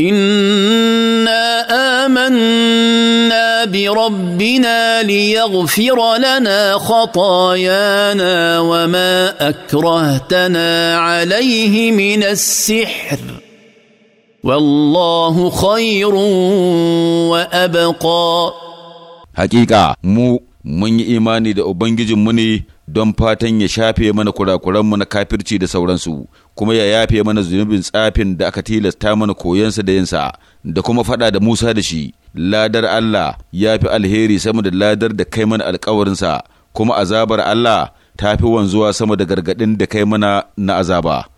انا امنا بربنا ليغفر لنا خطايانا وما اكرهتنا عليه من السحر والله خير وابقى حقيقه مو mun yi imani da Ubangijinmu ne don fatan ya shafe mana kurakuranmu na kafirci da sauransu, kuma ya yafe mana zunubin tsafin da aka tilasta mana koyansa da yinsa, da kuma faɗa da Musa da shi, ladar Allah ya fi alheri sama da ladar da kai mana alkawarinsa, kuma azabar Allah ta fi wanzuwa sama da gargaɗin da kai mana na azaba.